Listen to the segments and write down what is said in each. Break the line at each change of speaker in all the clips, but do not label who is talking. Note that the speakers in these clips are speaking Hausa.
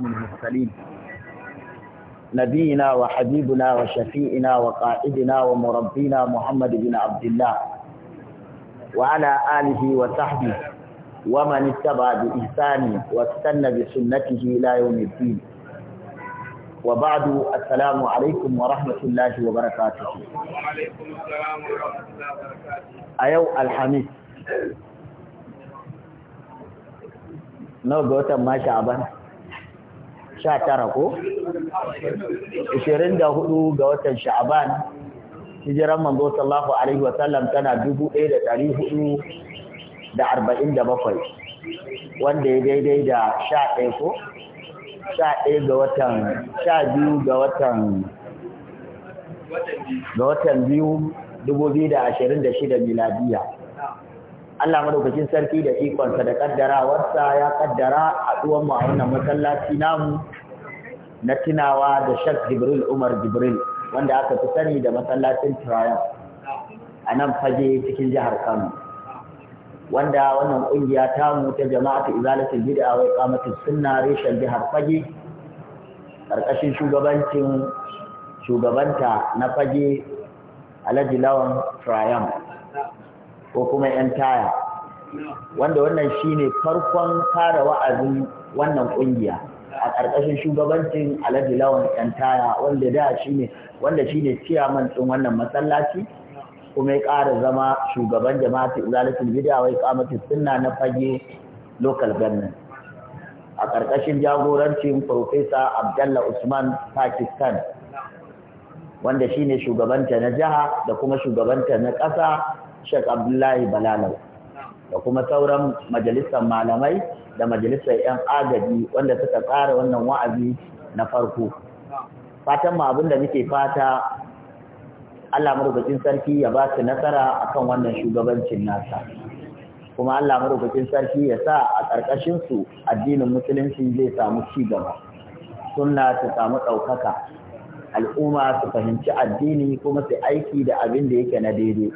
إمام المرسلين نبينا وحبيبنا وشفيئنا وقائدنا ومربينا محمد بن عبد الله وعلى آله وصحبه ومن اتبع بإحسان واستنى بسنته إلى يوم الدين وبعد السلام عليكم ورحمة الله وبركاته
وعليكم السلام ورحمة الله وبركاته أيو الحميد
نو قوة ما شعبان sha tara ko? Ishirin da hudu ga watan sha'aban hijiran manzo sallallahu alaihi wa sallam tana dubu ɗaya da ɗari hudu da arba'in da bakwai wanda ya daidai da sha ɗaya ko? Sha ɗaya ga watan sha biyu ga watan ga watan biyu dubu biyu da ashirin da shida miladiya. Allah madaukakin sarki da ikonsa da kaddarawarsa ya kaddara haɗuwar mu a wannan masallaci namu na tunawa da Sheikh Jibril Umar Jibril wanda aka fi sani da masallacin Triumph a nan fage cikin jihar Kano wanda wannan ƙungiya ta mu ta jama'atu izalatul bid'a wa iqamatus sunna reshen jihar fage karkashin shugabancin shugabanta na fage Alhaji Lawan Triumph ko kuma yan taya wanda wannan shine farkon fara wa'azin wannan ƙungiya. a ƙarƙashin shugabancin alhaji lawan yantaya wanda da shi ne wanda shi ne ciyaman ɗin wannan masallaci kuma ya ƙara zama shugaban jama'atu izalatul bid'a wai qamatus sunna na fage local government a ƙarƙashin jagorancin Profesa Abdalla Usman Pakistan wanda shi ne shugabanta na jiha da kuma shugabanta na ƙasa Sheikh Abdullahi Balalau da kuma sauran majalisar malamai da majalisar 'yan agaji wanda suka tsara wannan wa'azi na farko fatan ma abin da muke fata Allah madaukakin sarki ya ba su nasara akan wannan shugabancin nasa kuma Allah madaukakin sarki ya sa a karkashin su addinin musulunci zai samu ci gaba sunna su samu ɗaukaka al'umma su fahimci addini kuma su aiki da abin da yake na daidai.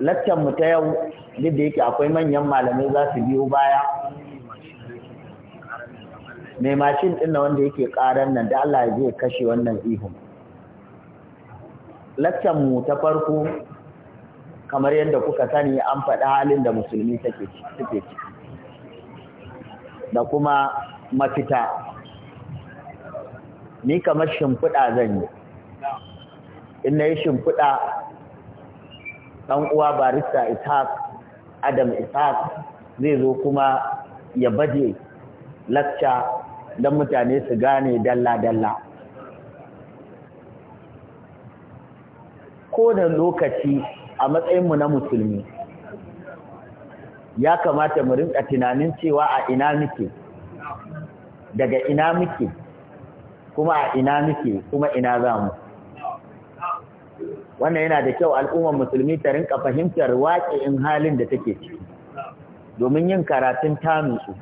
Laccan mu ta yau duk da yake akwai manyan malamai za su biyo baya mai mashin ɗin na wanda yake ƙaran nan da Allah zai kashe wannan ihun mu ta farko kamar yadda kuka sani an faɗi halin da musulmi suke ciki da kuma mafita ni kamar shimfiɗa zan yi in na yi shimfiɗa ɗan uwa barista ishaq adam isaac zai zo kuma ya baje lacca don mutane su gane dalla-dalla ko da lokaci a matsayinmu na musulmi ya kamata mu rinka tunanin cewa a ina muke daga ina muke kuma a ina muke kuma ina za mu wannan yana da kyau al'ummar musulmi ta rinka fahimtar in halin da take ciki domin yin karatun ta nutsu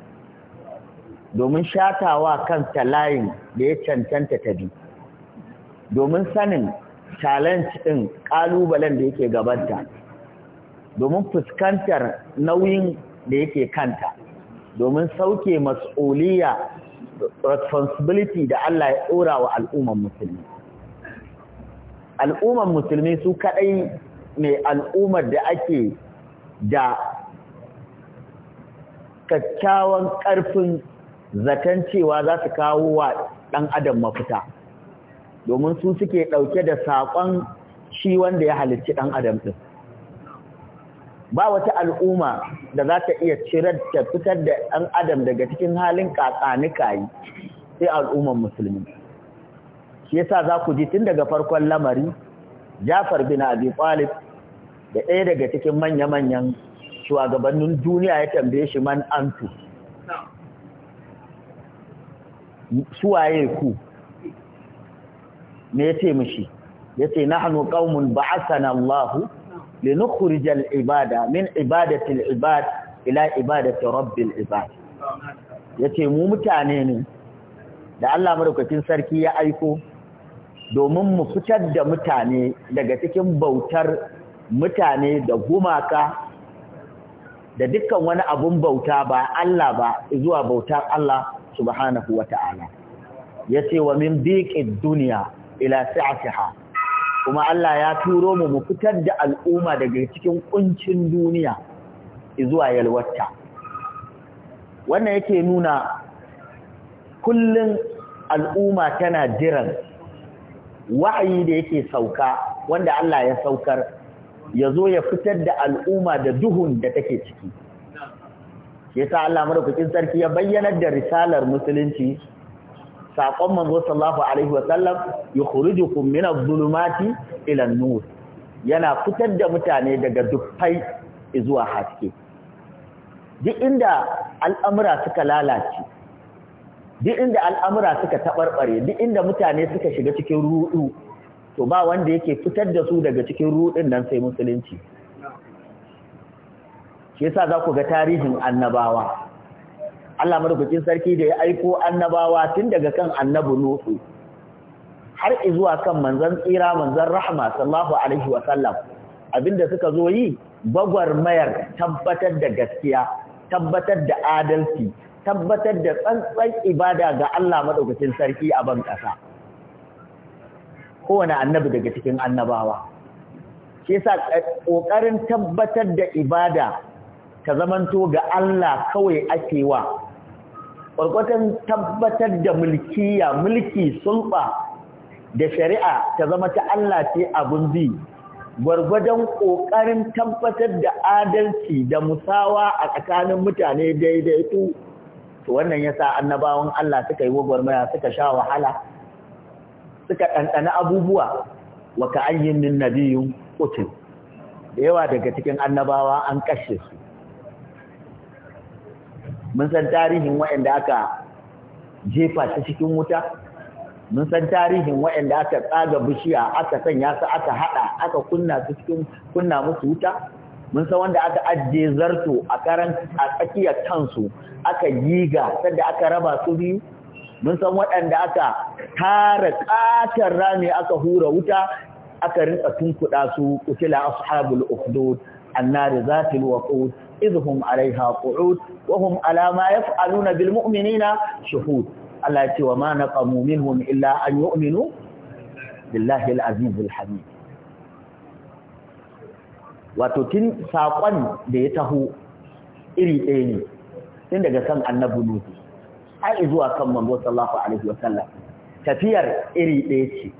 domin shatawa kanta layin da ya cancanta ta bi domin sanin challenge ɗin ƙalubalen da yake gabanta domin fuskantar nauyin da yake kanta domin sauke mas'uliya responsibility da Allah ya ɗora wa al'ummar musulmi al'ummar musulmi su kadai ne al'ummar da ake da kyakkyawan ƙarfin zaton cewa za su kawo wa ɗan adam mafita domin su suke ɗauke da saƙon shi wanda ya halicci ɗan adam ɗin ba wata al'umma da za ta iya cirar ta fitar da ɗan adam daga cikin halin ƙaƙanika yi sai al'ummar musulmi shi yasa za ku ji tun daga farkon lamari Jafar bin Abi Talib da ɗaya daga cikin manya-manyan shugabannin duniya ya tambaye shi man antu suwaye ku me yace mishi yace nahnu qaumun ba'athana Allah linukhrija al-ibada min ibadati al-ibad ila ibadati rabbil ibad yace mu mutane ne da Allah madaukakin sarki ya aiko domin mu fitar da mutane daga cikin bautar mutane da gumaka da dukkan wani abun bauta ba Allah ba zuwa bautar Allah subhanahu wa ta'ala. Ya ce wa min biƙin duniya ila sa'atiha kuma Allah ya turo mu mu fitar da al'umma daga cikin ƙuncin duniya zuwa yalwata. Wannan yake nuna kullum al'umma tana jiran Wa'ayi da yake sauka wanda Allah ya saukar ya zo ya fitar da al'umma da duhun da take ciki yasa Allah madaukakin sarki ya bayyanar da risalar musulunci saƙon manzo Sallahu alaihi wa sallam yukhrijukum min adh-dhulumati nur yana fitar da mutane daga dukkai zuwa haske duk inda al'amura suka lalace duk inda al'amura suka taɓarɓare duk inda mutane suka shiga cikin ruɗu to ba wanda yake fitar da su daga cikin ruɗin nan sai musulunci shi yasa za ku ga tarihin annabawa Allah madaukakin sarki da ya aiko annabawa tun daga kan annabi Nuhu har zuwa kan manzon tsira manzon rahma sallallahu alaihi wa sallam abinda suka zo yi bagwar mayar, tabbatar da gaskiya tabbatar da adalci tabbatar da tsantsan ibada ga Allah madaukakin sarki a ban ƙasa kowane annabi daga cikin annabawa shi yasa kokarin tabbatar da ibada ta zamanto ga Allah kawai ake wa tabbatar da mulkiya mulki sulba da shari'a ta zama ta Allah ce abun bi gwargwadon ƙoƙarin tabbatar da adalci da musawa a tsakanin mutane daidaitu to wannan yasa annabawan Allah suka yi gwagwarmaya suka sha wahala suka ɗanɗana abubuwa wa ka ayyin min nabiyun qutil yawa daga cikin annabawa an kashe su mun san tarihin waɗanda aka jefa su cikin wuta mun san tarihin waɗanda aka tsaga bishiya aka sanya su aka haɗa aka kunna su cikin kunna musu wuta mun san wanda aka ajiye zarto a karan a tsakiyar kansu aka giga sanda aka raba su biyu mun san waɗanda aka tara ƙatar rami aka hura wuta aka rinka tunkuɗa su kutila ashabul ukhdud annari zatil waqud idhum alaiha qu'ud wa hum ala ma yaf'aluna bil mu'minina shuhud Allah ya ce wa ma naqamu minhum illa an yu'minu billahi al-aziz al-hamid wato tun saƙon da ya taho iri ɗaya ne tun daga san annabu nufi har zuwa kan manzo sallallahu alaihi wasallam tafiyar iri ɗaya ce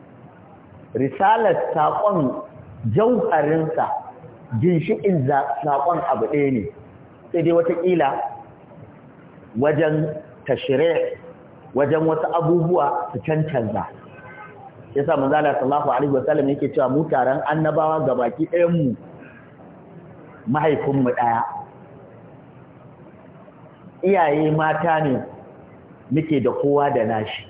risalar saƙon jauharinsa ginshiƙin saƙon abu ɗaya ne sai dai watakila wajen tashire wajen wasu abubuwa su cancanza ya sa manzala sallallahu alaihi wasallam yake cewa mu taron annabawa ga baki ɗayanmu mahaifinmu ɗaya iyaye mata ne muke da kowa da nashi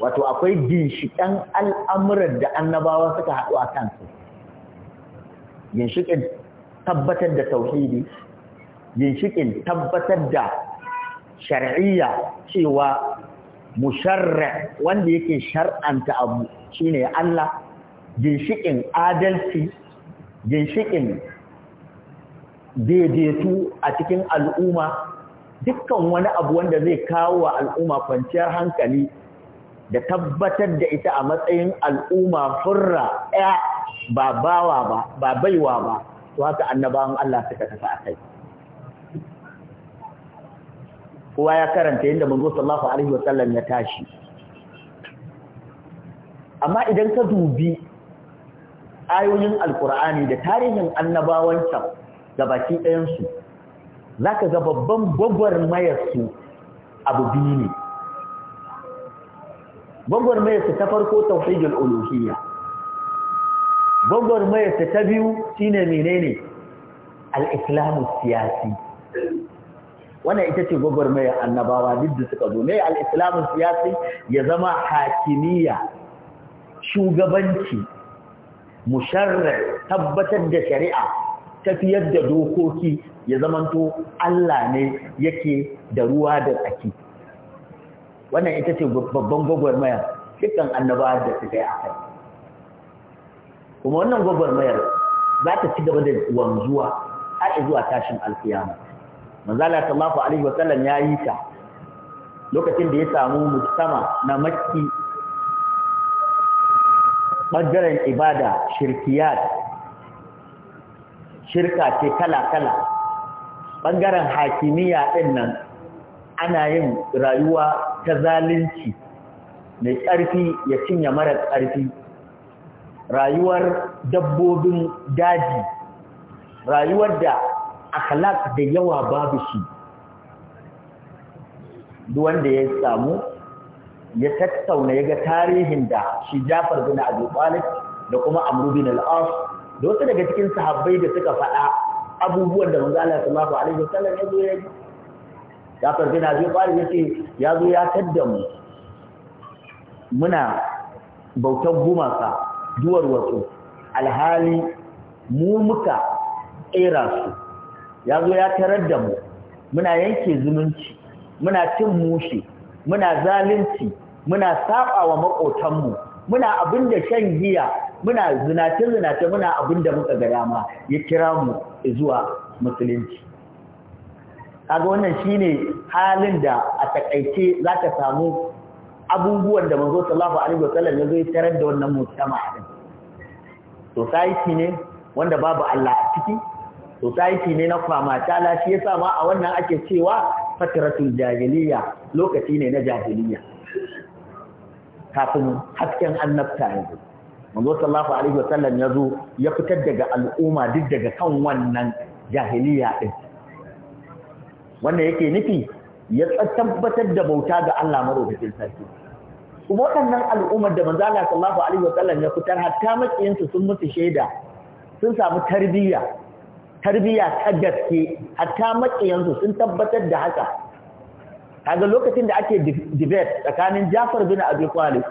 wato akwai ginshiƙen al'amuran da annabawa suka haɗu a kansu ginshiƙin tabbatar da tauhidi ginshiƙin tabbatar da shar'iyya cewa musharra wanda yake shar'anta abu shine Allah ginshiƙin adalci ginshiƙin daidaitu a cikin al'umma dukkan wani abu wanda zai kawo wa al'umma kwanciyar hankali da tabbatar da ita a matsayin al'umma furra 'ya ba bawa ba ba baiwa ba to haka annabawan Allah suka tafi a kai kowa ya karanta yadda manzo sallallahu alaihi sallam ya tashi amma idan ka dubi ayoyin alkur'ani da tarihin annabawan annabawansa ga baki ɗayansu za ka ga babban gwagwarmayarsu abu biyu ne gwagwarmayarsu ta farko tauhidul uluhiyya gwagwarmayarsu ta biyu shine menene al-islamu siyasi wannan ita ce gwagwarmayar annabawa duk da suka zo ne al-islamu siyasi ya zama hakimiyya shugabanci musharrar tabbatar da shari'a tafiyar da dokoki ya zamanto Allah ne yake da ruwa da tsaki wannan ita ce babban gwagwarmayar, dukkan annabawa da su kai akai kuma wannan gwagwarmayar za ta ci gaba da wanzuwa har zuwa tashin alkiyama manzala sallallahu alaihi wa sallam ya yi ta lokacin da ya samu mutama na makki ɓangaren ibada shirkiyat shirka ce kala-kala ɓangaren hakimiyya ɗin nan ana yin rayuwa ta zalunci mai ƙarfi ya cinye mara ƙarfi rayuwar dabbobin daji rayuwar da akhlaq da yawa babu shi duk wanda ya samu ya tattauna ya ga tarihin da shi Jafar bin Abi da kuma Amr bin al-As da wasu daga cikin sahabbai da suka faɗa abubuwan da manzo Allah sallallahu alaihi wasallam ya zo ya yi Jafar bin zai fara yace ya zo ya tadda mu muna bautan gumaka duwar wasu alhali mu muka tsira su ya zo ya tarar da mu muna yanke zumunci muna cin mushi muna zalunci muna saba wa maƙotanmu muna abin da shan giya muna zinace zinace muna abin da muka ga dama ya kira mu zuwa musulunci kaga wannan shine halin da a takaice zaka samu abubuwan da manzo sallallahu alaihi wasallam ya zo tarar da wannan mutama din society ne wanda babu Allah a ciki society ne na kwama tala shi yasa ma a wannan ake cewa fatratul jahiliya lokaci ne na jahiliya kafin hasken annabta yanzu manzo sallallahu alaihi wasallam ya zo ya fitar daga al'umma duk daga kan wannan jahiliya din wanda yake nufi ya tabbatar da bauta ga Allah madaukakin sarki kuma wannan al'ummar da manzo sallallahu alaihi wasallam ya fitar hatta su sun mutu shaida sun samu tarbiyya tarbiyya ta gaske hatta su sun tabbatar da haka kaga lokacin da ake debate tsakanin Jafar bin Abi Talib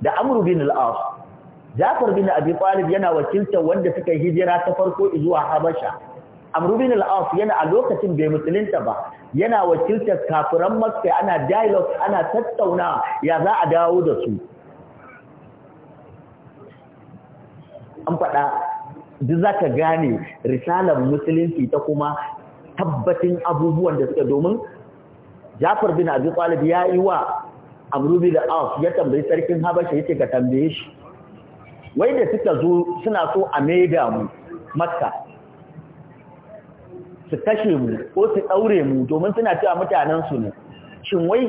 da Amr bin al-As Jafar bin Abi Talib yana wakiltar wanda suka yi hijira ta farko zuwa Habasha. Amr bin al-As yana a lokacin bai musulunta ba, yana wakiltar kafiran Makka ana dialogue ana tattauna ya za a dawo da su. An faɗa duk za gane risalar musulunci ta kuma tabbatin abubuwan da suka domin Jafar bin Abi Talib ya yi wa Amr bin al-As ya tambayi sarkin Habasha yace ka tambaye shi. wai da suka zo suna so a maida mu makka su kashe mu ko su daure mu domin suna cewa mutanensu ne shin wai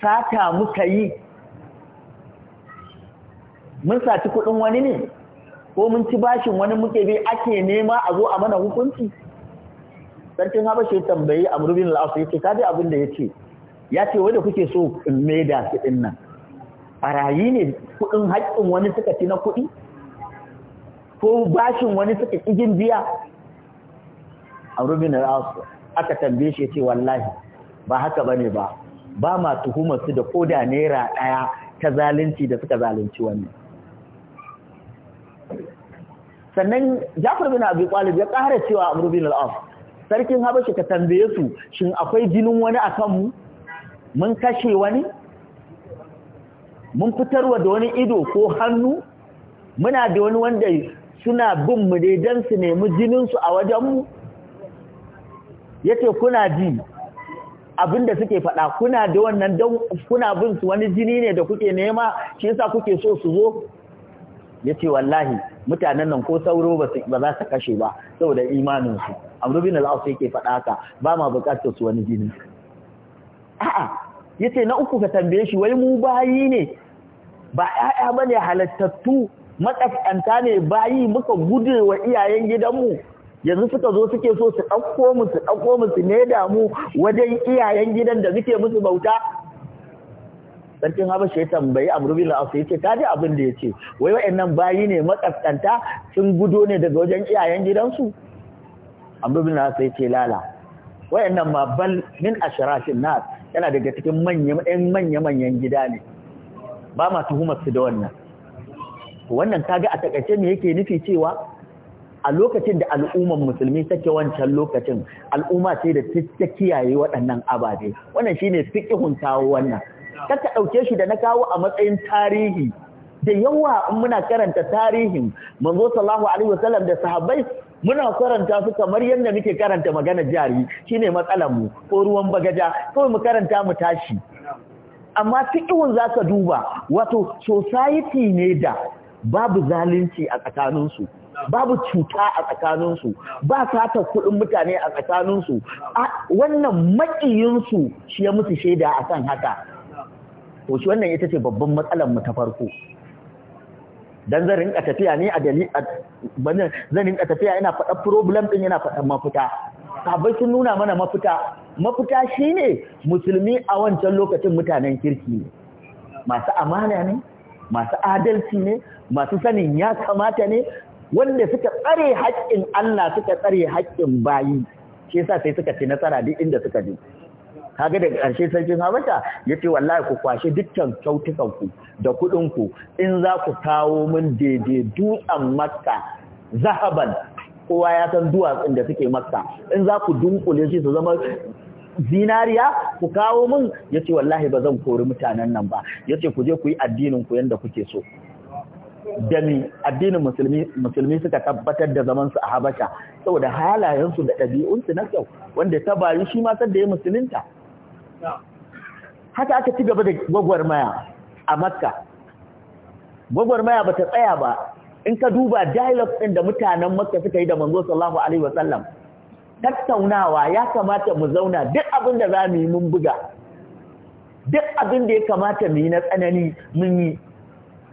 sata muka yi mun saci kuɗin wani ne ko mun ci bashin wani muke bi ake nema a zo a mana hukunci sarkin habashi ya tambayi a murbin la'asu ya ce abin da ya ce ya ce kuke so in maida su nan ɓarayi ne kuɗin haƙƙin wani suka ci na kuɗi ko bashin wani suka ƙigin biya a rubin al'asu aka tambaye shi ce wallahi ba haka ba ne ba ba ma tuhumar su da koda naira ɗaya ta zalunci da suka zalunci wannan. sannan jafar bin abi ya kare cewa a al sarkin habashi ka tambaye su shin akwai jinin wani a mu mun kashe wani mun fitarwa da wani ido ko hannu muna da wani wanda suna bin mu dai don su nemi jininsu a wajenmu ya ce kuna ji abinda suke faɗa kuna da wannan don kuna bin su wani jini ne da kuke nema shi yasa kuke so su zo ya ce wallahi mutanen nan ko sauro ba za su kashe ba saboda imaninsu Abu bin al'aus yake faɗa haka ba ma bukatar su wani jini a'a yace na uku ka tambaye shi wai mu bayi ne ba ƴaƴa bane halattattu makaskanta ne bayi muka gude wa iyayen gidanmu yanzu suka zo suke so su ɗauko mu su ɗauko mu su damu mu wajen iyayen gidan da suke musu bauta sarkin habasha ya tambayi amru bin ya ce, ta ji abin da ya ce, wai waannan bayi ne makaskanta sun gudo ne daga wajen iyayen gidansu amru bin ya ce lala wayannan ma bal min ashirashin nas yana daga cikin manya manyan gida ne ba ma tuhumar su da wannan wannan kaga a takaice me yake nufi cewa a lokacin da al'ummar musulmi take wancan lokacin al'umma ce da ta kiyaye waɗannan ababe wannan shine fiqhun kawo wannan kaka ɗauke shi da na kawo a matsayin tarihi da yawa in muna karanta tarihin manzo sallallahu alaihi wasallam da sahabbai muna karanta su kamar yadda muke karanta magana jari shine matsalar mu ko ruwan bagaja ko mu karanta mu tashi amma fiqhun zaka duba wato society ne da babu zalunci a tsakaninsu babu cuta a tsakaninsu ba sata kuɗin mutane a tsakaninsu wannan maƙiyinsu shi ya musu shaida a kan haka to shi wannan ita ce babban matsalar mu ta farko dan zan rinka tafiya ne a dalilin, bane zan rinka tafiya ina faɗa problem ɗin, yana faɗa mafita sabai sun nuna mana mafita mafita shine musulmi a wancan lokacin mutanen kirki ne masu amana ne masu adalci ne masu sanin ya kamata ne wanda suka tsare haƙƙin Allah suka tsare haƙƙin bayi shi yasa sai suka ci nasara duk inda suka je kaga daga ƙarshe sarkin Habasha yace wallahi ku kwashe dukkan kyautukan ku da kuɗin ku in za ku kawo min daidai dutsen Makka zahaban kowa ya san duwatsun da suke Makka in za ku dunkule shi su zama zinariya ku kawo min yace wallahi ba zan kori mutanen nan ba yace ku je ku yi addinin ku yanda kuke so da mi addinin musulmi musulmi suka tabbatar da zaman su a Habasha saboda halayen su da ɗabi'un su na kyau wanda ta bayu shi ma san da ya musulunta haka aka ci gaba da gwagwarmaya a Makka gwagwarmaya ta tsaya ba in ka duba dialogue ɗin da mutanen Makka suka yi da manzo sallallahu alaihi wasallam tattaunawa ya kamata mu zauna duk abin da za mu yi mun buga duk abin da ya kamata mu yi na tsanani mun yi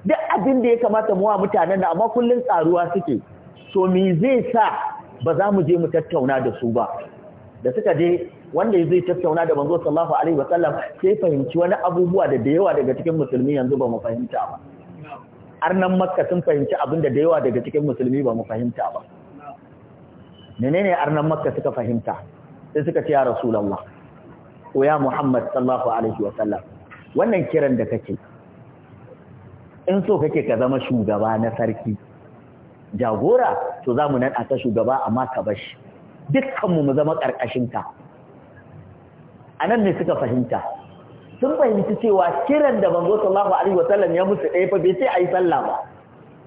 duk abin da ya kamata mu wa mutanen da amma kullun tsaruwa suke So me zai sa ba za mu je mu tattauna da su ba da suka je wanda zai tattauna da manzo sallallahu alaihi wasallam sai fahimci wani abubuwa da da yawa daga cikin musulmi yanzu ba mu fahimta ba arnan makka sun fahimci abin da da yawa daga cikin musulmi ba mu fahimta ba menene arnan makka suka fahimta sai suka ce ya rasulullah ko ya muhammad sallallahu alaihi wasallam wannan kiran da kake in so kake ka zama shugaba na sarki jagora to za mu naɗa ta shugaba amma ka bashi dukkanmu mu zama ƙarƙashinka ka. Anan ne suka fahimta sun fahimci cewa kiran da banzo sallahu alaihi wasallam ya musu ɗaya fa bai sai a sallah ba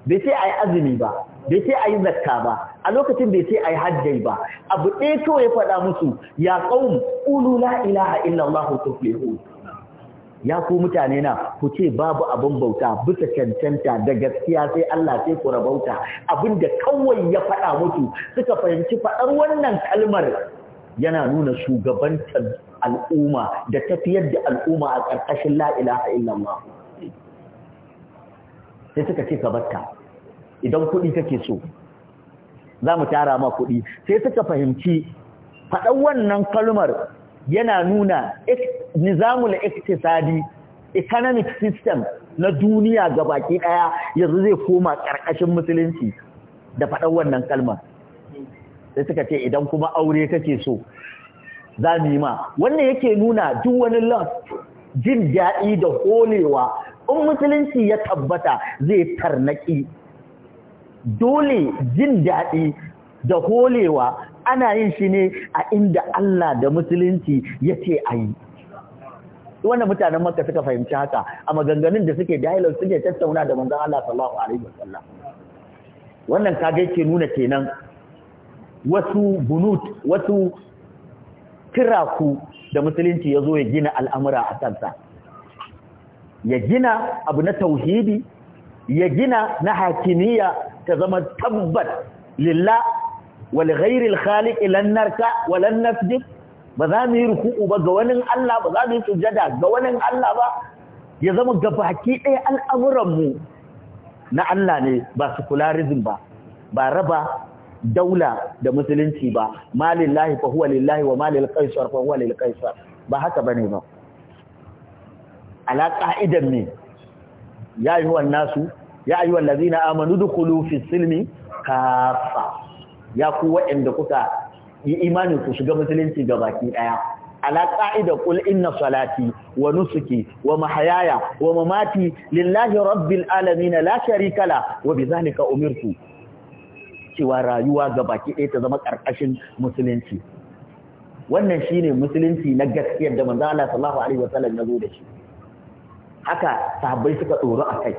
bai sai ayi yi azumi ba bai sai a yi zakka ba a lokacin bai sai a yi hajjai ba abu ɗaya kawai ya faɗa musu ya qaum qulu la ilaha illallah tuflihun ya ku mutane na ku ce babu abin bauta bisa cancanta da gaskiya sai Allah sai ku rabauta abin da kawai ya faɗa mutu suka fahimci faɗar wannan kalmar yana nuna shugabantar al'umma da tafiyar da al'umma a ƙarƙashin la ilaha illallah sai suka ce ka barka idan kuɗi kake so za mu tara ma kuɗi sai suka fahimci faɗar wannan kalmar yana nuna nizamul iktisadi economic system na duniya ga baki daya yanzu zai koma karkashin musulunci da faɗan wannan kalmar sai suka ce idan kuma aure kake so za mu yi ma wannan yake nuna duk wani loss jin daɗi da holewa in musulunci ya tabbata zai tarnaki dole jin daɗi da holewa ana yin shi ne a inda Allah da musulunci ya ce a yi wannan mutanen maka suka fahimci haka a maganganun da suke dialogue suke tattauna da manzon Allah sallallahu alaihi wasallam wannan kage ke nuna kenan wasu bunut wasu kiraku da musulunci ya zo ya gina al'amura a kansa ya gina abu na tauhidi ya gina na hakimiyya ta zama tabbat lilla. wal ghairil khaliq lan narka walan nasjud ba za mu yi ruku'u ba ga wani Allah ba za mu yi sujada ga wani Allah ba ya zama ga baki ɗaya al'amuran mu na Allah ne ba secularism ba ba raba daula da musulunci ba malillahi fa huwa lillahi wa malil qaisar fa huwa lil qaisar ba haka bane ba ala qa'idan ne ya ayyuhan nasu ya ladina amanu dukhulu fis silmi kafa ya ku waɗanda kuka yi imani ku shiga musulunci ga baki ɗaya ala qa'ida qul inna salati wa nusuki wa mahayaya wa mamati lillahi rabbil alamin la sharika la wa zalika umirtu cewa rayuwa ga baki ɗaya ta zama ƙarƙashin musulunci wannan shine musulunci na gaskiyar da manzo Allah sallallahu alaihi wasallam ya zo da shi haka sahabbai suka tsoro kai.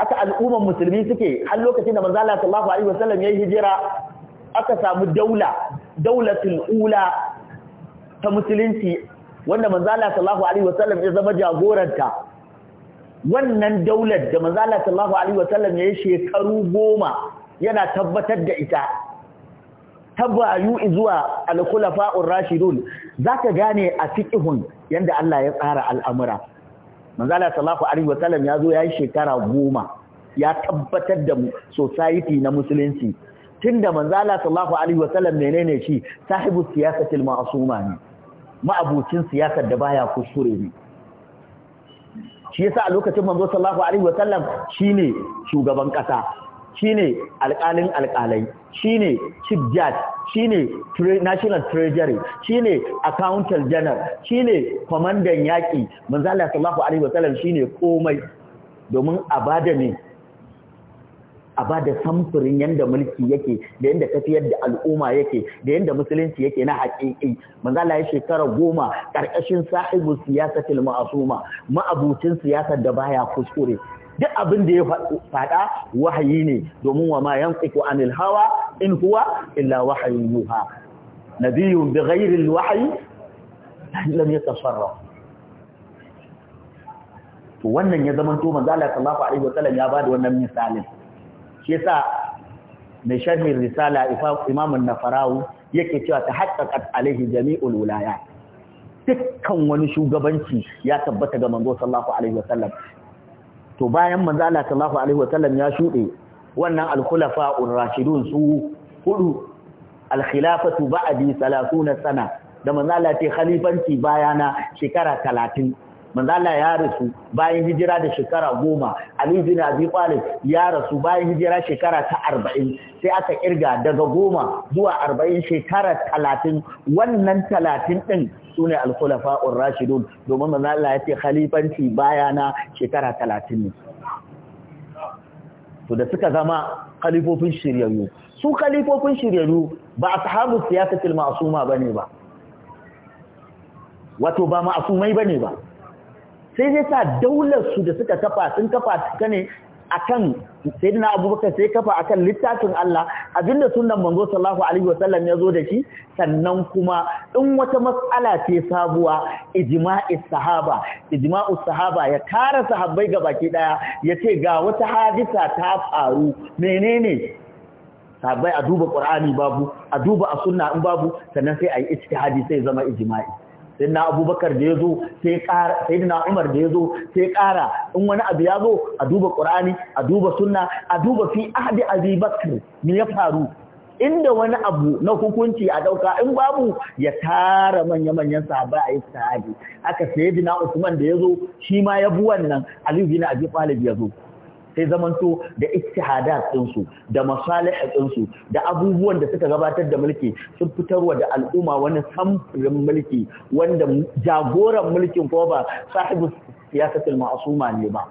haka al'ummar musulmi suke har lokacin da manzala sallallahu alaihi wasallam yayi hijira aka samu daula daulatul ula ta musulunci wanda manzala sallallahu alaihi wasallam ya zama jagoranta wannan daular da manzala sallallahu alaihi wasallam yayi shekaru goma yana tabbatar da ita tabayu zuwa al-khulafa'ur rashidun zaka gane a fiqhun yanda Allah ya tsara al'amura manzala sallallahu alaihi sallam ya zo ya yi shekara goma ya tabbatar da society na musulunci tunda manzala sallallahu alaihi ne ne shi sahibu siyasatil ma'asuma ne ma'abucin siyasar da baya kuskure ne shi yasa a lokacin manzo sallallahu alaihi sallam shine shugaban kasa shine alƙalin alƙalai shine chief judge shine national treasury shine accountant general shine kwamandan yaƙi manzo Allah sallallahu alaihi wasallam shine komai domin a da ne a da samfurin yanda mulki yake da yanda tafiyar da al'umma yake da yanda musulunci yake na haƙiƙi manzo ya shekara goma ƙarƙashin sahibu siyasatil masuma, ma'abucin siyasar da baya kuskure duk abin da ya faɗa wahayi ne domin wa ma yanqiqu anil hawa in huwa illa wahyun yuha nabiyyun bighayri alwahyi lam yatasarraf to wannan ya zaman to manzo Allah sallallahu alaihi wasallam ya bada wannan misalin shi yasa mai sharhin risala Imam an-Nafarawi yake cewa ta haqqaqat alaihi jami'ul wilayat dukkan wani shugabanci ya tabbata ga manzo sallallahu alaihi wasallam to bayan manzo Allah sallallahu alaihi wasallam ya shude wannan al-khulafa'ur rashidun su hudu al-khilafatu ba'di 30 sana da manzo Allah ce khalifanci bayana shekara 30 manzo ya rasu bayan hijira da shekara goma Ali bin Abi Talib ya rasu bayan hijira shekara ta arba'in sai aka kirga daga goma zuwa arba'in shekara talatin wannan talatin ɗin su ne alkulafa'un rashidun domin manzo Allah ya ce khalifanci bayana shekara 30 ne to da suka zama khalifofin shiryayyu su khalifofin shiryayyu ba ashabu siyasatil ma'suma bane ba wato ba ma'sumai bane ba sai zai sa daular su da suka kafa sun kafa ta ne akan dina abubakar sai kafa a kan littafin Allah abinda sunnan manzo Sallahu alaihi wasallam ya zo da shi sannan kuma in wata matsala ce sabuwa ijma'i sahaba ijma'u sahaba ya tara sahabbai baki daya ce ga wata hadisa ta faru menene sahabbai a duba qur'ani babu a duba a sunna in babu sannan sai ayi ijtihadi sai zama ijma'i sayyidina abubakar da yazo sai kara sayyidina umar da yazo sai kara in wani abu ya zo a duba qur'ani a duba sunna a duba fi ahdi abi ne ya faru inda wani abu na hukunci a dauka in babu ya tara manya-manyan sahabbai a yi sahabi aka sayyidina usman da yazo shi ma ya bi wannan ali bin abi talib ya zo sai zamanto da ittihadat ɗinsu da masalih ɗinsu da abubuwan da suka gabatar da mulki sun fitarwa da al'umma wani samfurin mulki wanda jagoran mulkin ko ba sahibu siyasatul ma'suma ne ba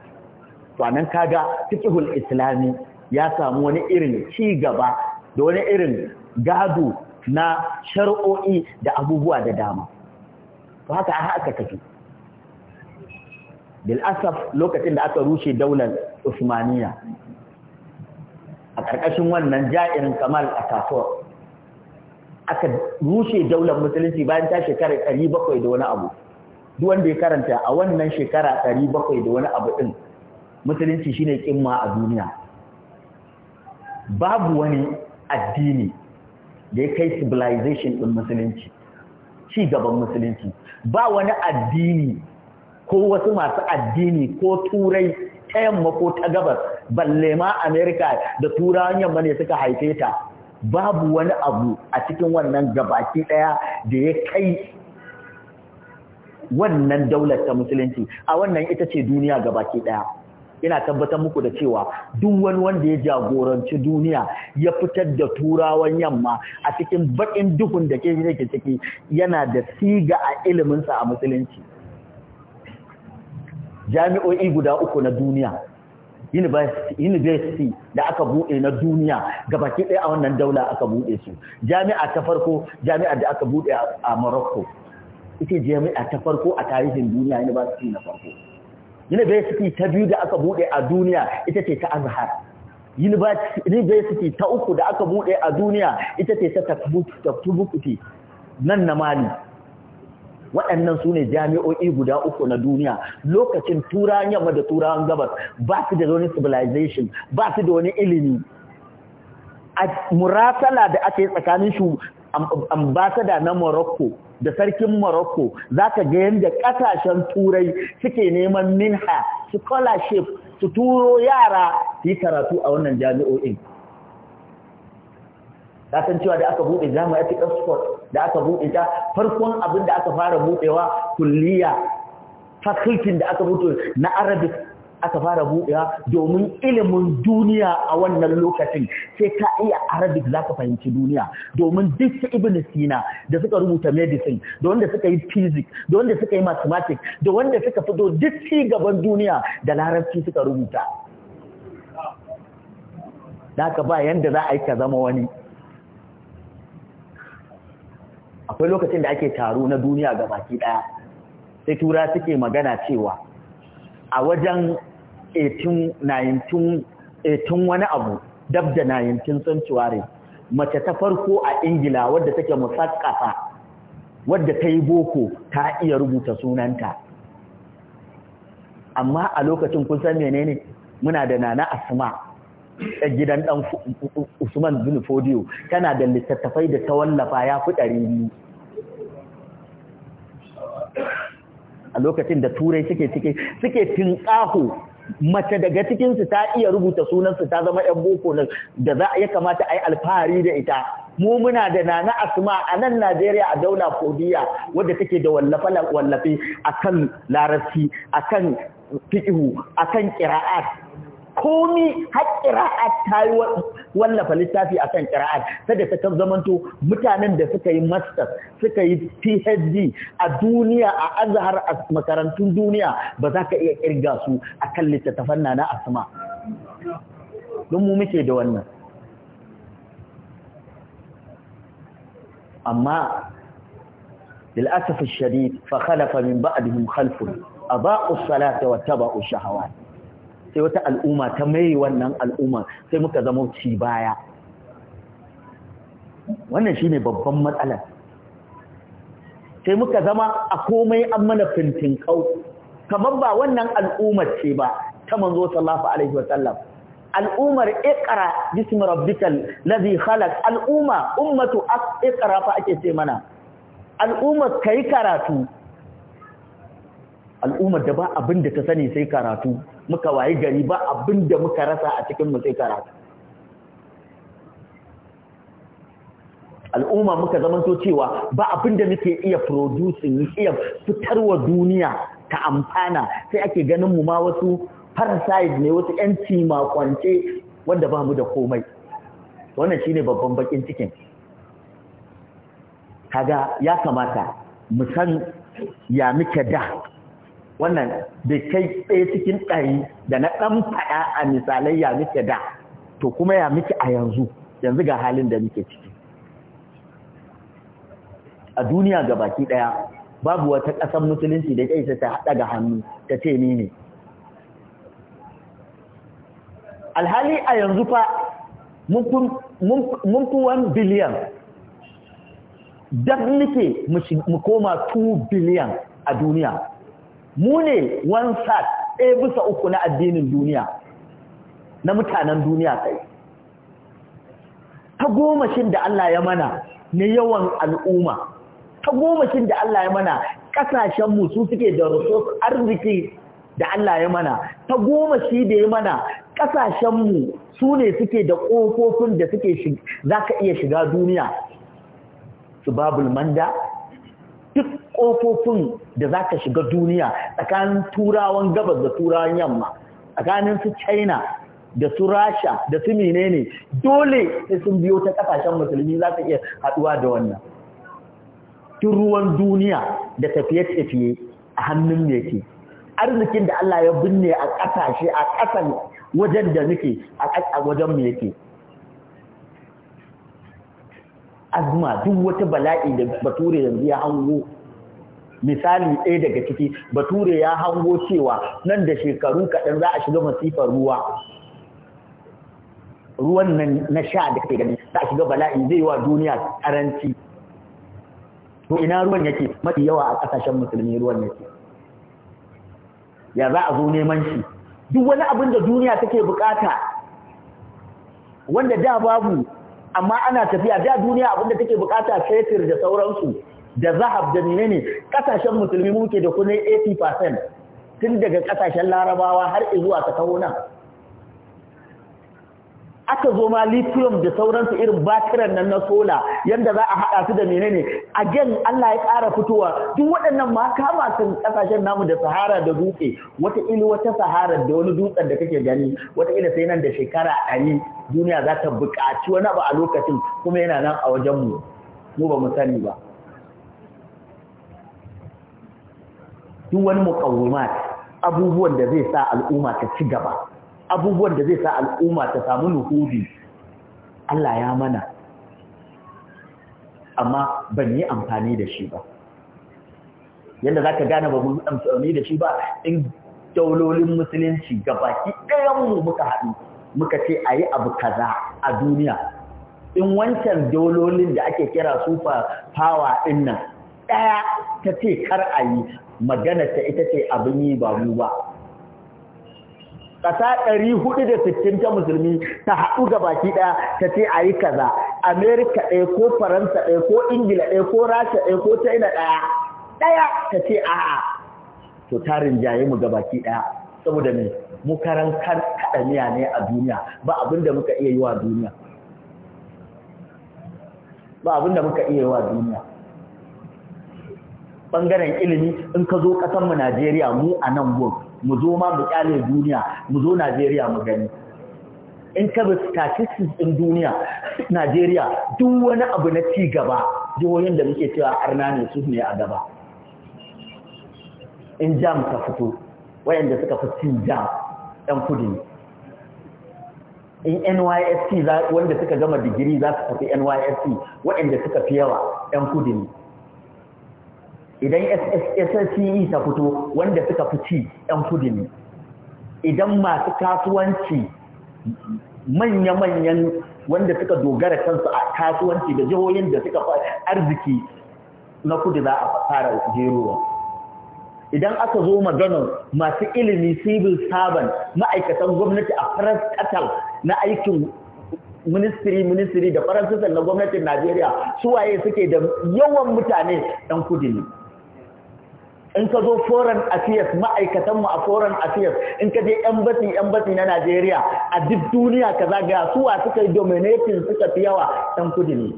to anan kaga fiqhul islami ya samu wani irin ci gaba da wani irin gado na shar'o'i da abubuwa da dama to haka aka tafi bil asaf lokacin da aka rushe daular usmaniya a ƙarƙashin wannan ja'irin kamal a kasuwar aka rushe daular musulunci bayan ta shekara 700 da wani abu duk wanda ya karanta a wannan shekara 700 da wani abu din musulunci shine kimma a duniya babu wani addini da ya kai civilization din musulunci ci gaban musulunci ba wani addini ko wasu masu addini ko turai ta yamma ko ta gabas balle ma America da turawan yamma ne suka haife ta babu wani abu a cikin wannan gabaki daya da ya kai wannan daular ta musulunci a wannan ita ce duniya gabaki daya ina tabbatar muku da cewa duk wani wanda ya jagoranci duniya ya fitar da turawan yamma a cikin bakin duhun da ke ciki yana da siga a iliminsa a musulunci jami'o'i guda uku na duniya university da aka buɗe na duniya gabaki ɗaya a wannan daula aka buɗe su jami'a ta farko jami'a da aka buɗe a morocco ita jami'a ta farko a tarihin duniya university na farko university ta biyu da aka buɗe a duniya ita ce ta azhar university ta uku da aka buɗe a duniya ita ce ta tabbukuti nan na mali waɗannan su ne jami'o'i guda uku na duniya lokacin turawan yamma da turawan gabas ba su da wani civilization ba su da wani ilimi a murasala da aka yi tsakanin su ambasada na morocco da sarkin morocco za ka ga yadda ƙasashen turai suke neman minha scholarship su turo yara su yi karatu a wannan jami'o'in da san cewa da aka buɗe jami'ar Oxford da aka buɗe ta farkon abin da aka fara buɗewa kulliya fakultin da aka bude na Arabic aka fara buɗewa domin ilimin duniya a wannan lokacin sai ka iya arabic za ka fahimci duniya domin duk su ibn sina da suka rubuta medicine da wanda suka yi physics da wanda suka yi mathematics da wanda suka fito duk ci gaban duniya da larabci suka rubuta da ka ba yanda za a yi ka zama wani akwai lokacin da ake taro na duniya ga baki ɗaya sai tura suke magana cewa a wajen 18 wani abu dab da 19 century mace ta farko a ingila wadda take musakkafa wadda ta yi boko ta iya rubuta sunanta amma a lokacin kun san menene muna da nana asma gidan dan Usman bin Fodiyo tana da littattafai da ta wallafa ya fi ɗari biyu a lokacin da turai suke cike suke mace daga cikinsu ta iya rubuta sunansu ta zama ‘yan boko nan da za ya kamata a yi alfahari da ita mu muna da nana asma a nan najeriya a daula kodiya wadda take da wallafe-wallafe a kan larabci a kan fi'ihu a kan ƙira'at komi har ƙira'a ta yi wallafa littafi a kan ƙira'at sada ta kan zamanto mutanen da suka yi masters suka yi phd a duniya a azhar a makarantun duniya ba za ka iya ƙirga su a kan littattafan na asma don mu muke da wannan amma للأسف الشديد فخلف من بعدهم خلف أضاءوا الصلاة واتبعوا الشهوات sai wata al'umma ta mai wannan al'umma sai muka zama ci baya wannan shi ne babban matsalar sai muka zama a komai an mana fintin kau kamar ba wannan al'ummar ce ba ta manzo sallafa alaihi wasallam al'ummar iqra bismi rabbikal ladhi khalaq al'umma ummatu iqra fa ake ce mana al'ummar kai karatu al'ummar da ba abin da ta sani sai karatu muka wayi gari ba abin muka rasa a cikin mu sai karatu al'umma muka zamanto cewa ba abin da muke iya producing iya fitarwa duniya ta amfana sai ake ganin mu ma wasu parasite ne wasu yanci makwance wanda ba mu da komai wannan shine babban bakin cikin kaga ya kamata mu san ya muke da wannan bai kai tsaye cikin ɗari da na ɗan faɗa a misalai ya muke da to kuma ya muke a yanzu yanzu ga halin da muke ciki a duniya ga baki ɗaya babu wata ƙasar musulunci da kai ta haɗa ga hannu ta ce ni ne alhali a yanzu fa mun fi 1 biliyan don nike mu koma 2 biliyan a duniya mu ne one ɗaya bisa uku na addinin duniya na mutanen duniya kai ta gomashin da Allah ya mana na yawan al'umma ta gomashin da Allah ya mana ƙasashen mu su suke da resource arziki da Allah ya mana ta gomashi da ya mana ƙasashen mu su ne suke da ƙofofin da suke za ka iya shiga duniya su babul manda duk ƙofofin da za ka shiga duniya tsakanin turawan gabas da turawan yamma tsakanin su china da su rasha da su menene dole sai sun biyo ta ƙasashen musulmi za ka iya haɗuwa da wannan tun ruwan duniya da tafiye-tafiye a hannun yake arzikin da Allah ya binne a ƙasashe a ƙasan wajen da nake a wajen mu yake azma duk wata bala'i da bature yanzu ya hango misali ɗaya daga ciki bature ya hango cewa nan da shekaru kaɗan za a shiga masifar ruwa ruwan nan na sha da kake gani za a shiga bala'i zai wa duniya karanci to ina ruwan yake mafi yawa a ƙasashen musulmi ruwan yake ya za a zo neman shi duk wani abin da duniya take bukata wanda da babu amma ana tafiya da duniya abinda take bukata fetur da sauransu da zahab da menene kasashen musulmi muke da kuma 80% tun daga kasashen larabawa har zuwa ta kawo nan aka zo ma lithium da sauransu irin batiran nan na sola yanda za a haɗa su da menene again Allah ya ƙara fitowa duk waɗannan ma kama sun ƙasashen namu da sahara da dutse wata ili wata sahara da wani dutsen da kake gani wata ila sai nan da shekara ɗari duniya za ta buƙaci wani abu a lokacin kuma yana nan a wajen mu mu ba mu sani ba duk wani muƙawwimat abubuwan da zai sa al'umma ta ci gaba abubuwan da zai sa al'umma ta samu nuhudi Allah ya mana amma ban yi amfani da shi ba yadda za ka gane ba mu amfani da shi ba in daulolin musulunci gabaki mu muka haɗu muka ce a yi abu kaza a duniya in wancan daulolin da ake kira super power ɗin nan ɗaya ta ce kar a yi magana ta ita ce abin yi ba mu ba Kasa ɗari da sittin ta musulmi ta haɗu ga baki ɗaya ta ce a yi kaza amerika ɗaya ko faransa ɗaya ko ingila ɗaya ko rasha ɗaya ko china ɗaya ɗaya ta ce a'a to ta jaye mu ga baki ɗaya saboda me mu karan kaɗa miya ne a duniya ba abin da muka iya yi wa duniya ba abin da muka iya yi wa duniya ɓangaren ilimi in ka zo ƙasanmu najeriya mu a nan gobe mu zo ma mu kyale duniya mu zo Najeriya mu gani in ka bi statistics din duniya Najeriya duk wani abu na ci gaba jihohin da muke cewa arna ne su ne a gaba in jam ka fito wayanda suka fi cin jam dan kudi in NYSC wanda suka gama digiri za su fi NYSC wayanda suka fi yawa dan kudi ne idan SSCE ta fito wanda suka fi ci ‘yan kudi ne, idan masu kasuwanci manya-manyan wanda suka dogara kansu a kasuwanci da jihohin da suka fi arziki na kudi za a fara jeruwa. Idan aka zo maganar masu ilimi civil servant ma'aikatan gwamnati a faras katal na aikin ministry ministry da faransisan na gwamnatin Najeriya suwaye suke da yawan mutane 'yan kudi ne. in ka zo foran affairs ma'aikatanmu a foran asiyas in ka je yan bati na Najeriya a duk duniya ka zagaya suwa suka yi dominating suka fi yawa ɗan kudi ne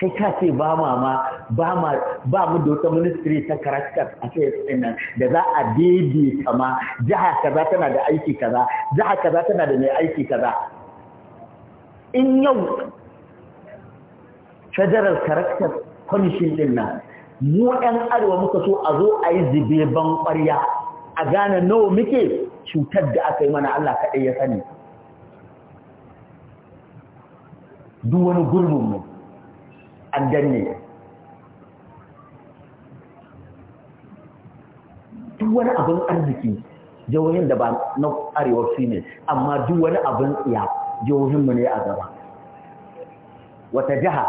sai ka ce ba ma ma ba ma ba mu da wata ministry ta a affairs din nan da za a daidaita kama jiha kaza tana da aiki kaza jiha kaza tana da mai aiki kaza in yau federal character punishing din nan mu ɗan arewa muka so a zo a yi zube ban ƙwarya a gane nawa muke cutar da aka yi mana Allah kaɗai ya sani duk wani gurbin mu an danne duk wani abin arziki jawohin da ba na arewa su ne amma duk wani abin tsiya mu ne a gaba wata jiha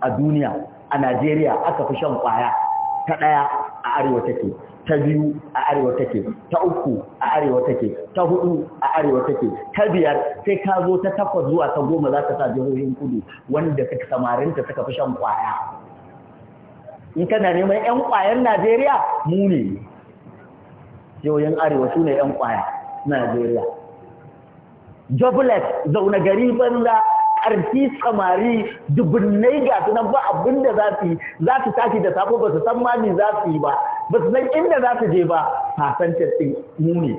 a duniya a Najeriya aka fi shan kwaya ta ɗaya a arewa take ta biyu a arewa take ta uku a arewa take ta hudu a arewa take ta biyar sai ka zo ta takwas zuwa ta goma za ka sa jihohin kudu wanda samarin ta suka fi shan kwaya in kana neman 'yan kwayan Najeriya mu ne jihohin arewa su ne 'yan kwaya Najeriya Jobless zaune gari banza ƙarfi samari dubunnai ga su nan ba abin da za su yi za su tashi da safo ba su san ma me za su yi ba ba su san inda za su je ba fasantar ɗin muni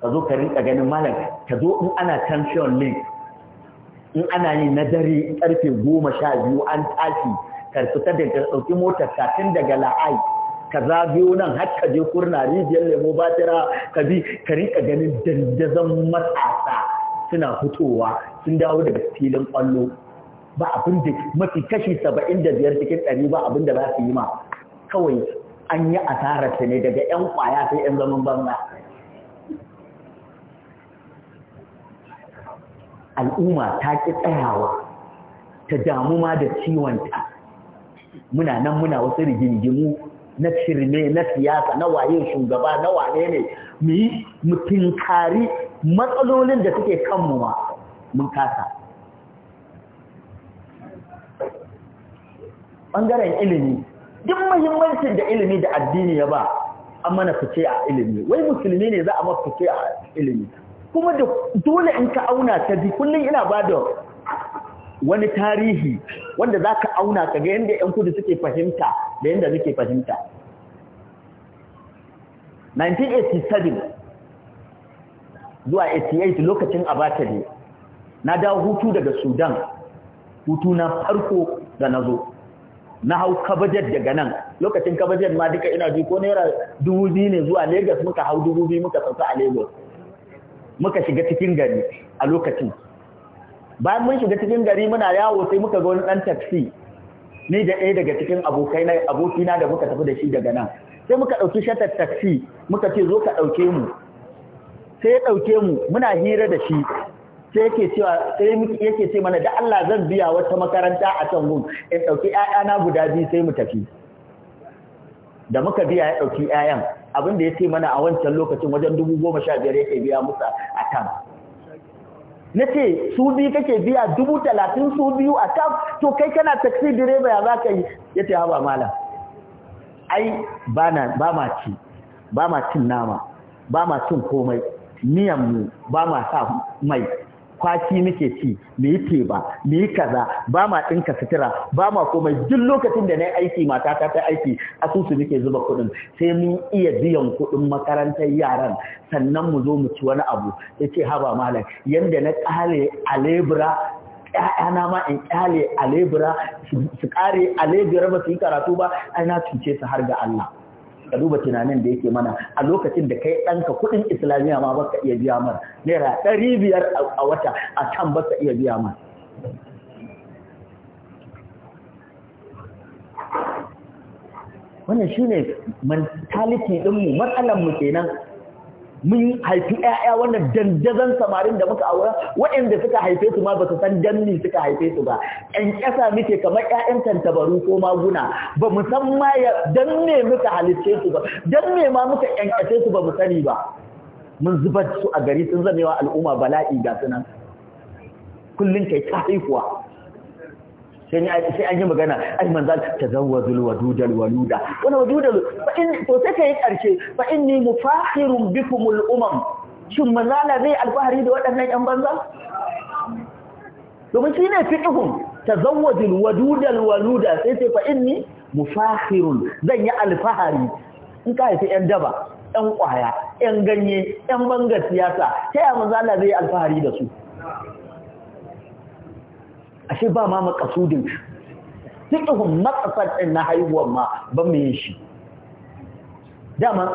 ka zo ka rinka ganin malam ka zo in ana champion league in ana yi na dare karfe goma sha biyu an tashi ka fita da ka ɗauki motar kafin daga la'ai ka zagayo nan har ka je kurna rijiyar lemo batira ka bi ka rinka ganin dandazon matasa suna fitowa sun dawo daga filin ƙwallo ba abin da mafi kashi saba'in da biyar cikin ɗari ba abin da za su yi ma kawai an yi asarar ta ne daga 'yan ƙwaya sai 'yan zaman banga. al'umma ta ƙi tsayawa ta damu ma da ciwonta muna nan muna wasu rigingimu na firme na siyasa na waye shugaba na wane ne mu yi mu tinkari matsalolin da suke kanmu ma mun kasa ɓangaren ilimi duk muhimmancin da ilimi da addini ya ba an mana fice a ilimi wai musulmi ne za a maka fice a ilimi kuma da dole in ka auna ta bi kullum ina ba da wani tarihi wanda za ka auna ka ga yanda 'yan kudu suke fahimta da yadda muke fahimta 1987 zuwa 88 lokacin abatari na dawo hutu daga sudan hutu na farko da na zo na hau kabajar daga nan lokacin kabajar ma duka ina ji ko naira dubu biyu ne zuwa Legas muka hau dubu biyu muka sauka a lagos muka shiga cikin gari a lokacin bayan mun shiga cikin gari muna yawo sai muka ga wani dan taxi ni da ɗaya daga cikin abokai na abokina da muka tafi da shi daga nan sai muka ɗauki shatar taxi muka ce zo ka ɗauke mu sai ya ɗauke mu muna hira da shi sai yake cewa sai yake ce mana da Allah zan biya wata makaranta a can gun in ɗauki 'ya'yana guda biyu sai mu tafi da muka biya ya ɗauki 'ya'yan, abin da ya ce mana a wancan lokacin wajen dubu goma sha biyar yake biya musu a kan na ce su biyu kake biya dubu talatin su biyu a kaf to kai kana taksi direba ya za ka yi ya ce yaba malam ai ba ma ci ba ma cin nama ba ma cin komai miyan mu ba ma sa mai Kwaki muke ci mu yi teba mu kaza ba ma ɗinka sutura ba ma komai duk lokacin da na yi aiki mata ta ta aiki asusu muke zuba kuɗin sai mun iya biyan kuɗin makarantar yaran sannan mu zo mu ci wani abu ya ce haba malam yanda na ƙale a lebura ‘ya'yana ma in ƙyale a su ƙare a lebura ba su yi karatu ba ai na cuce su har ga Allah ka duba tunanin da yake mana a lokacin da kai ɗanka kuɗin islamiyya ma ba ka iya biya mar naira ɗari biyar a wata a can ka iya biya mar wannan shine mentality ɗinmu matsalar mu kenan mun haifi ƴaƴa wannan dandazon samarin da muka aura waɗanda suka haife su ma ba su san danni suka haife su ba ƴan ƙasa muke kamar ƴaƴan tantabaru ko maguna ba mu san ma ya danne muka halitte su ba Danne ma muka ƴanƙace su ba mu sani ba mun zubar su a gari sun zamewa al'umma bala'i ga sunan kullum kai ta haihuwa sai an yi magana ai Ta manzo wa wadudal waluda wa dudal fa in to sai kai karshe fa inni mufakhirun bikumul umam shin manzala zai alfahari da waɗannan yan banza domin shi ne wa tazawwazul wa waluda sai sai fa mu mufakhirun zan yi alfahari in ka haifi yan daba yan kwaya yan ganye yan bangar siyasa ta ya manzala zai alfahari da su ashe ba ma makasudin shi fiqhun matsafar ɗin na haihuwar ma ba mu yi shi dama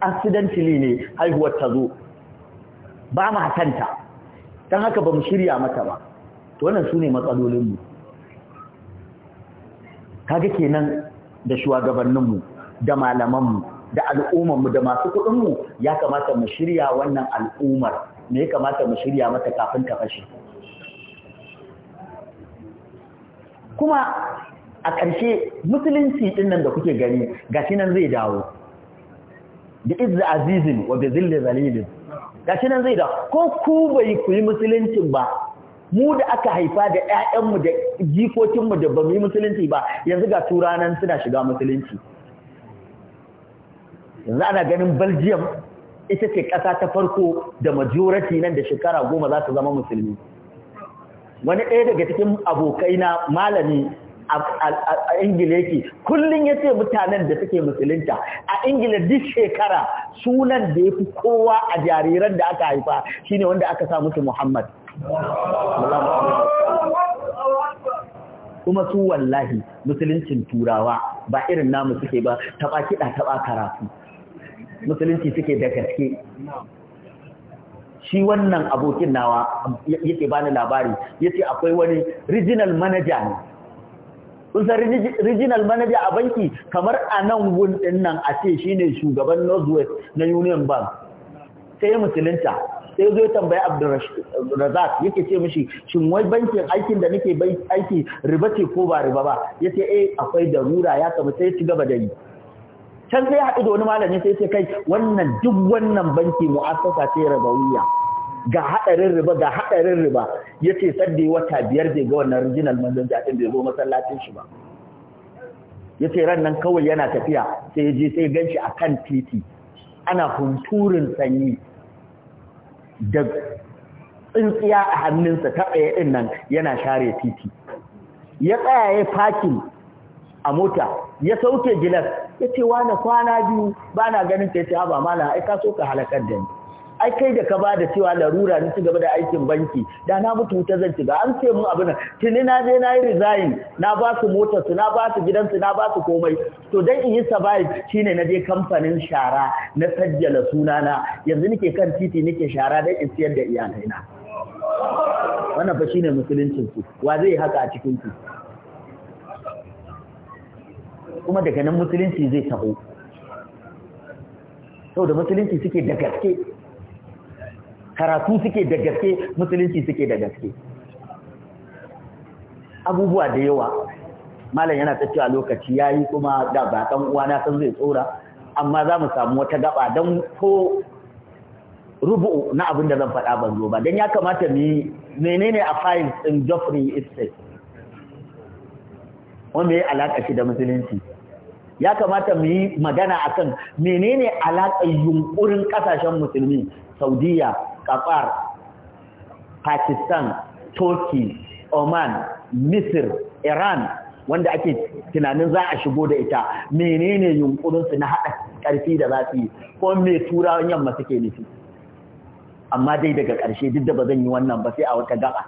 accidentally ne haihuwar ta zo ba ma hatanta don haka ba mu shirya mata ba to wannan sune matsalolin mu kaga kenan da shugabanninmu da malamanmu da al'ummarmu da masu kuɗinmu ya kamata mu shirya wannan al'ummar me ya kamata mu shirya mata kafin ta fashe kuma a ƙarshe musulunci ɗin nan da kuke gani shi nan zai dawo da izzi azizin wa da zille zalilin shi nan zai dawo ko ku bai ku yi musuluncin ba mu da aka haifa da ƴaƴanmu da jikokinmu da ba mu yi musulunci ba yanzu ga turanan suna shiga musulunci yanzu ana ganin Belgium ita ce ƙasa ta farko da majority nan da shekara goma za su zama musulmi wani ɗaya daga cikin abokai na malami a ingila yake kullum ya ce mutanen da suke musulunta a ingila duk shekara sunan da ya fi kowa a jariran da aka haifa shine wanda aka sa musu muhammad kuma su wallahi musuluncin turawa ba irin namu suke ba taɓa kiɗa taɓa karatu musulunci suke da gaske shi wannan abokin nawa yake bani labari yace akwai wani regional manager ne kun regional manager a banki kamar a nan gun din nan a ce shine shugaban Northwest na Union Bank sai musulunta sai zo tambayi Abdulrazak yake ce mishi shin wai bankin aikin da nake aiki riba ce ko ba riba ba yace eh akwai darura ya kamata sai ci gaba da yi can sai haɗu da wani malami sai ce kai wannan duk wannan banki mu'assasa ce rabawiyya ga haɗarin riba ga haɗarin riba ya ce wata biyar bai ga wannan rijinal manzon jafin bai zo masallacin shi ba Yace ce ran nan kawai yana tafiya sai ya je sai gan shi a kan titi ana hunturin sanyi da tsintsiya a hannunsa ta tsaye ɗin nan yana share titi ya tsaya ya fakin a mota ya sauke gilas ya ce wani kwana biyu ba na ganin ta ya ce ba mala ai ka so ka halakar da ni ai kai da ka bada cewa larura ni cigaba da aikin banki da na mutu wuta zan ga an ce mun abin tuni na je na yi resign na ba su motar su na ba su gidan su na ba su komai to dan in yi survive shine na je kamfanin shara na sajjala sunana yanzu nake kan titi nake shara dan in siyar da iyalaina wannan fa shine musuluncin ku wa zai haka a cikin ku kuma daga nan musulunci zai taho da musulunci suke da gaske karatu suke da gaske musulunci suke da gaske abubuwa da yawa malam yana ta cewa lokaci yayi kuma da ba dan uwa na san zai tsora amma za mu samu wata gaba dan ko rubu na abin da zan faɗa ban zo ba dan ya kamata mu yi menene a files din Geoffrey Epstein wanda ya alaka shi da musulunci ya kamata mu yi magana akan menene alaƙar yunkurin ƙasashen musulmi saudiya qatar pakistan turkey oman misir iran wanda ake tunanin za a shigo da ita menene yunkurinsu na haɗa ƙarfi da za su yi ko me turawan yamma suke nufi amma dai daga ƙarshe duk da ba zan yi wannan ba sai a wata gaba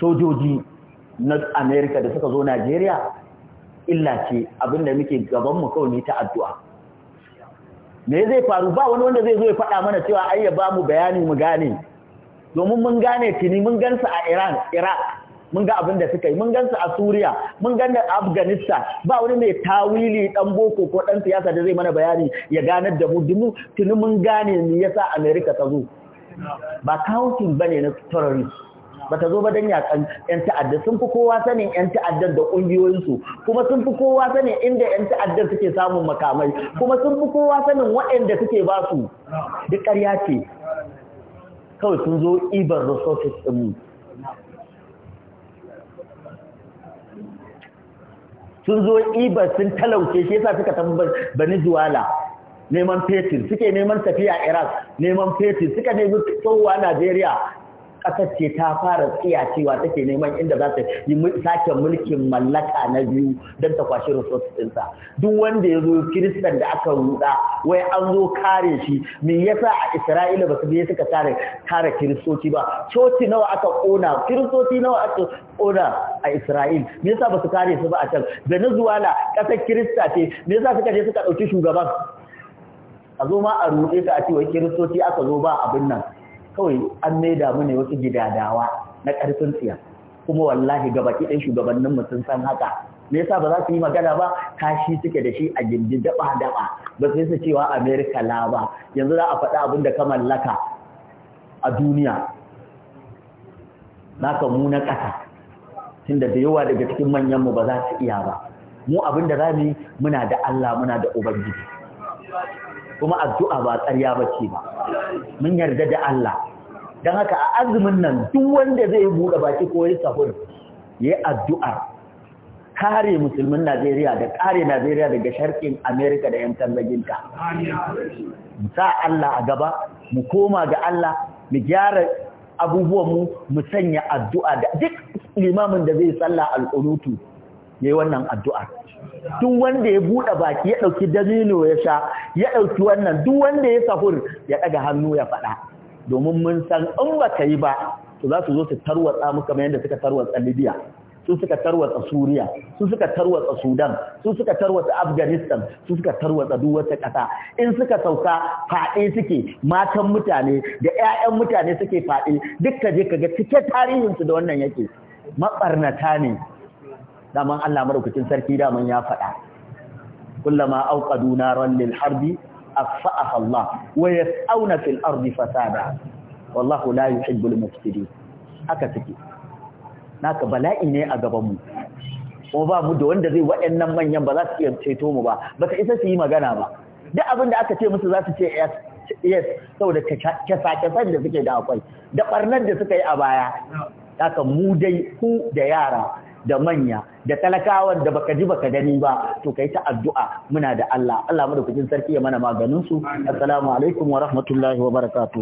sojoji na amerika da suka zo najeriya illa ce abinda muke gabanmu kawai ne ta addu'a me zai faru ba wani wanda zai zo ya faɗa mana cewa ai ya ba mu bayani mu gane domin mun gane tuni mun gansu a Iran Iraq mun ga abin da suka yi mun gansu a Suriya mun gan da Afghanistan ba wani mai tawili dan boko ko dan siyasa da zai mana bayani ya ganar da mu dumu tuni mun gane me yasa America ta zo ba counting bane na terrorist ba ta zo ba don yakan 'yan ta'addar sun fi kowa sanin 'yan ta'addar da ƙungiyoyinsu kuma sun fi kowa sanin inda 'yan ta'addar suke samun makamai kuma sun fi kowa sanin waɗanda suke ba su
duk ƙarya ce
kawai sun zo ibar resources mu. sun zo ibar sun talauce shi yasa suka tafi Venezuela neman fetur suke neman tafiya Iraq neman fetur suka nemi tsohuwa Najeriya ƙasar ce ta fara cewa take neman inda za ta yi sake mulkin mallaka na biyu don ta kwashi resources ɗinsa duk wanda ya zo kiristan da aka ruɗa wai an zo kare shi me yasa a isra'ila ba su je suka kare kiristoci ba coci nawa aka ƙona kiristoci nawa aka ƙona a isra'il me yasa ba su kare su ba a can venezuela ƙasar kirista ce me yasa suka je suka ɗauki shugaban a zo ma a ruɗe ka a ce wai kiristoci aka zo ba abin nan kawai an maida mu ne wasu gidadawa na ƙarfin tsiya kuma wallahi ga baki ɗan shugabannin mu sun san haka me yasa ba za su yi magana ba kashi suke da shi a gindi daba daba ba sai su cewa America la ba yanzu za a faɗa abin da ka mallaka a duniya naka mu na ƙasa tunda da yawa daga cikin manyanmu ba za su iya ba mu abin da za mu yi muna da Allah muna da ubangiji kuma addu'a ba ƙarya ba ce ba mun yarda da Allah dan haka a azumin nan duk wanda zai buɗe baki ko yi sahur ya addu'a kare musulmin Najeriya da kare Najeriya daga sharkin Amerika da ‘yan tallaginta. Mu sa Allah a gaba, mu koma ga Allah, mu gyara abubuwan mu sanya addu'a da duk limamin da zai sallah al ya yi wannan addu'a duk wanda ya buɗe baki ya ɗauki dalilo ya sha ya ɗauki wannan duk wanda ya sahur ya ɗaga hannu ya faɗa domin mun san in ba ka yi ba to za su zo su tarwatsa mu kamar yadda suka tarwatsa Libya su suka tarwatsa Suriya su suka tarwatsa Sudan su suka tarwatsa Afghanistan su suka tarwatsa duk wata ƙasa in suka sauka faɗe suke matan mutane da ƴaƴan mutane suke faɗe duk ka je ka cike tarihin su da wannan yake mabarnata ne daman Allah madaukakin sarki daman ya faɗa kullama auqadu naran lil harbi afa'aha Allah wa yas'auna fil ardi fasada wallahu la yuhibbul mufsidin haka take naka bala'i ne a gaban mu kuma ba mu da wanda zai waɗannan manyan ba za su iya ceto mu ba ba isa su yi magana ba duk abin da aka ce musu za su ce yes yes saboda kyasa-kyasan da suke da akwai da ɓarnar da suka yi a baya haka mu dai ku da yara da manya da talakawan da baka ji baka gani ba to kai ta addu'a muna da Allah Allah madaukakin sarki ya mana maganin su assalamu alaikum wa rahmatullahi wa barakatuh